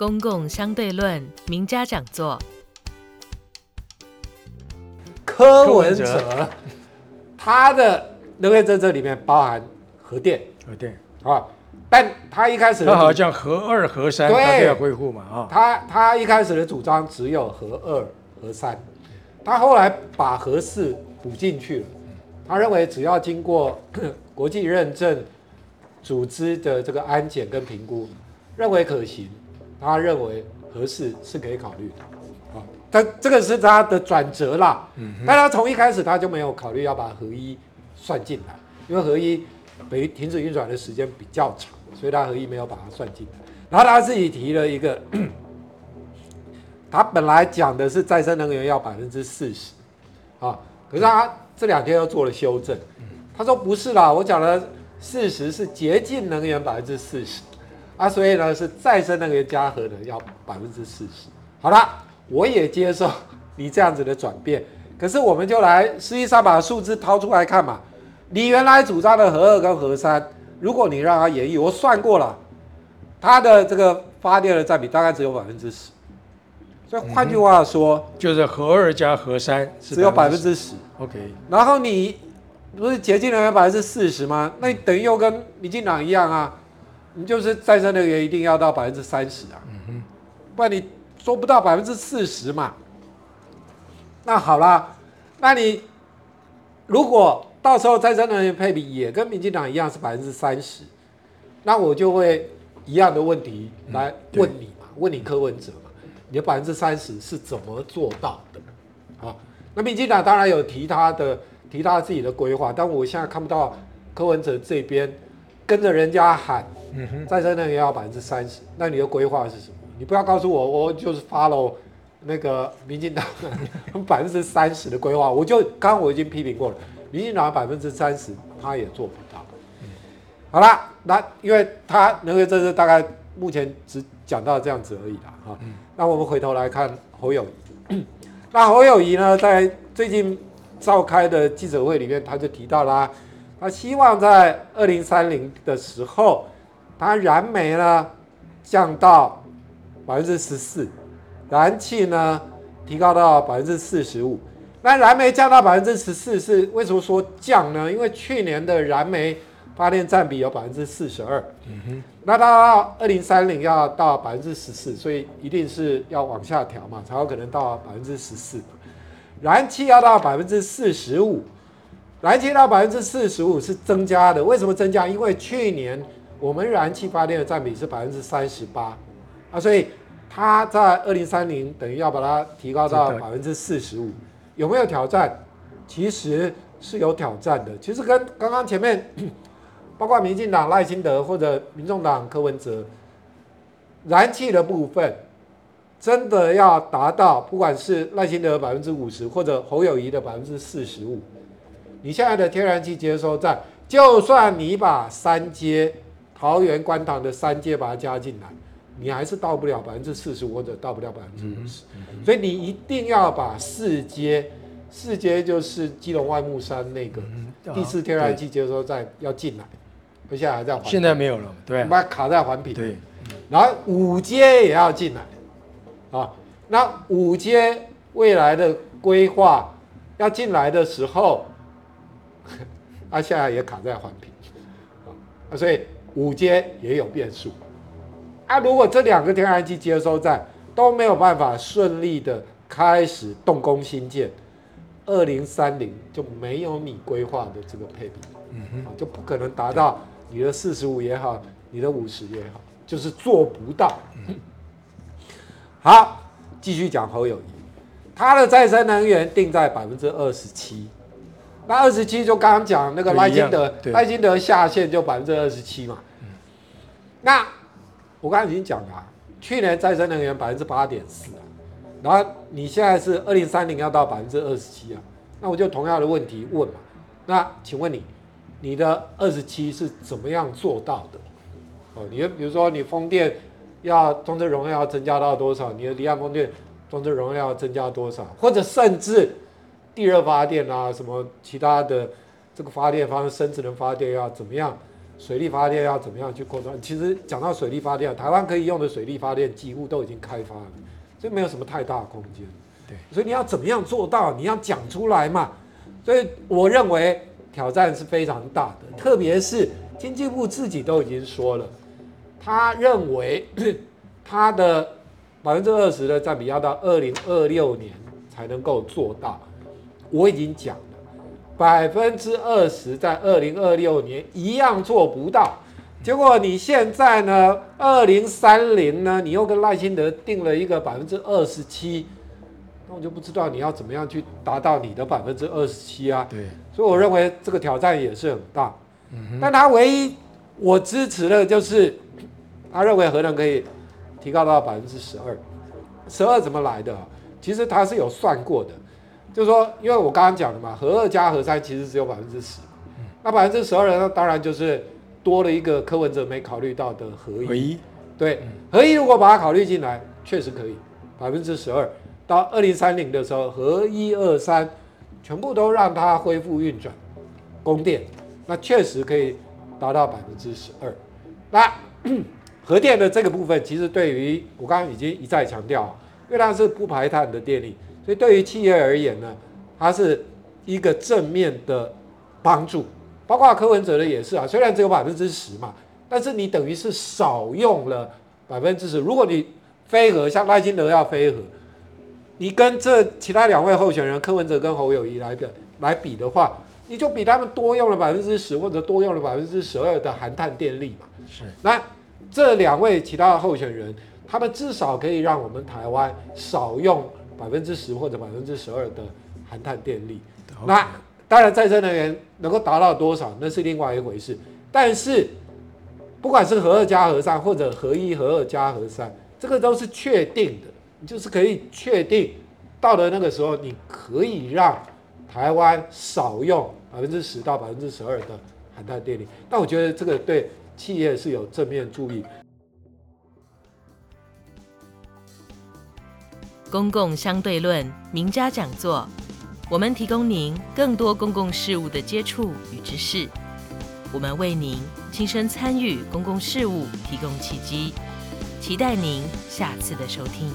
公共相對論名家講座，柯文哲，他的能源政策裡面包含核電，核電啊、哦，但他一開始他好像叫核二核三，他就要恢復嘛啊，他、哦、他,他一開始的主張只有核二核三，他後來把核四補進去了，他認為只要經過國際認證組織的這個安檢跟評估，認為可行。他認為核四是可以考慮的，啊、哦，他這個是他的轉折啦。嗯，但他從一開始他就沒有考慮要把核一算進來，因為核一北停止運轉的時間比較長，所以他核一沒有把它算進來。然後他自己提了一個，他本來講的是再生能源要百分之四十，啊，可是他這兩天又做了修正、嗯，他說不是啦，我講的四十是潔淨能源百分之四十。啊，所以呢是再生能源加核的要百分之四十。好了，我也接受你這樣子的轉變。可是我們就來實際上把數字掏出來看嘛。你原來主張的核二跟核三，如果你讓它延役，我算過了，它的這個發電的占比大概只有百分之十。所以換句話說，就是核二加核三10%，只有百分之十。OK。然後你不是潔淨能源百分之四十嗎？那等於又跟民進黨一樣啊。你就是再生能源一定要到百分之三十啊、嗯，不然你做不到百分之四十嘛？那好啦，那你如果到時候再生能源配比也跟民進黨一樣是百分之三十，那我就會一樣的問題來問你嘛，嗯、問你柯文哲嘛，你的百分之三十是怎麼做到的？好，那民進黨當然有提他的提他的自己的規劃，但我現在看不到柯文哲這邊。跟着人家喊，再生能源也要百分之三十，那你的規劃是什麼？你不要告訴我，我就是 follow 那個民進黨百分之三十的規劃，我就剛，剛我已經批評過了，民進黨百分之三十他也做不到。嗯、好啦，那因為他那個這是大概目前只講到這樣子而已啦，哈。那我們回頭來看侯友宜，那侯友宜呢，在最近召開的記者會裡面，他就提到啦、啊。它希望在二零三零的時候，它燃煤呢，降到百分之十四，燃氣呢，提高到百分之四十五。那燃煤降到百分之十四是為什麼說降呢？因為去年的燃煤發電占比有百分之四十二，嗯哼。那到二零三零要到百分之十四，所以一定是要往下調嘛，才有可能到百分之十四。燃氣要到百分之四十五。燃氣到百分之四十五是增加的，為什麼增加？因為去年我們燃氣發電的占比是百分之三十八啊，所以它在二零三零等於要把它提高到百分之四十五，有沒有挑戰？其實是有挑戰的。其實跟剛剛前面包括民進黨賴清德或者民眾黨柯文哲燃氣的部分，真的要達到不管是賴清德百分之五十或者侯友宜的百分之四十五。你現在的天然氣接收站就算你把三接桃園觀塘的三接把它加進來，你還是到不了百分之四十，或者到不了百分之五十。所以你一定要把四接，四接就是基隆外木山那個第四天然氣接收站要進來。嗯，現在還在環評。現在沒有了，對，把它卡在環評。對，然後五接也要進來，啊，那五接未來的規劃要進來的時候。他、啊、現在也卡在環評，啊，所以五階也有變數。啊，如果這兩個天然氣接收站都沒有辦法順利的開始動工興建，二零三零就沒有你規劃的這個配比，就不可能達到你的四十五也好，你的五十也好，就是做不到。好，繼續講侯友宜，他的再生能源定在百分之二十七。那二十七就剛剛講那個賴清德，賴清德下限就百分之二十七嘛，嗯。那我剛剛已經講了、啊，去年再生能源百分之八點四啊，然後你現在是二零三零要到百分之二十七啊，那我就同樣的問題問嘛。那請問你，你的二十七是怎麼樣做到的？哦，你的比如說你風電要裝置容量要增加到多少？你的離岸風電裝置容量要增加多少？或者甚至？地熱發電啊，什麼其他的這個發電方式，發生物質能發電要怎麼樣，水力發電要怎麼樣去擴張？其實講到水力發電啊，台灣可以用的水力發電幾乎都已經開發了，所以沒有什麼太大的空間。對，所以你要怎麼樣做到？你要講出來嘛。所以我認為挑戰是非常大的，特別是經濟部自己都已經說了，他認為咳咳，他的百分之二十的佔比要到二零二六年才能夠做到。我已經講了，百分之二十在二零二六年一樣做不到，結果你現在呢，二零三零呢，你又跟賴清德定了一個百分之二十七，那我就不知道你要怎麼樣去達到你的百分之二十七啊？對，所以我認為這個挑戰也是很大，嗯。但他唯一我支持的就是他認為核能可以提高到百分之十二，十二怎麼來的？其實他是有算過的。就是說，因為我剛剛講的嘛，核二加核三其實只有百分之十，那百分之十二呢？當然就是多了一個柯文哲沒考慮到的核一，核一，對，核一如果把它考慮進來，確實可以百分之十二。到二零三零的時候，核一二三全部都讓它恢復運轉供電，那確實可以達到百分之十二。那核電的這個部分，其實對於我剛剛已經一再強調，因為它是不排碳的電力。所以對於企業而言呢，它是一個正面的幫助，包括柯文哲的也是啊，雖然只有百分之十嘛，但是你等於是少用了百分之十。如果你非核像賴清德要非核，你跟這其他兩位候選人柯文哲跟侯友宜來的來比的話，你就比他們多用了百分之十或者多用了百分之十二的含碳電力嘛。是，那這兩位其他候選人，他們至少可以讓我們台灣少用。百分之十，或者百分之十二的含碳電力，Okay. 那當然再生能源能夠達到多少，那是另外一回事。但是不管是核二加核三，或者核一、核二加核三，這個都是確定的，就是可以確定到了那個時候，你可以讓台灣少用百分之十到百分之十二的含碳電力。但我覺得這個對企業是有正面注意的。公共相對論名家講座，我們提供您更多公共事務的接觸與知識，我們為您親身參與公共事務提供契機，期待您下次的收聽。